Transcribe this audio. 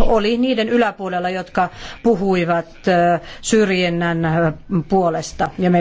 oli niiden yläpuolella, jotka puhuivat syrjinnän puolesta ja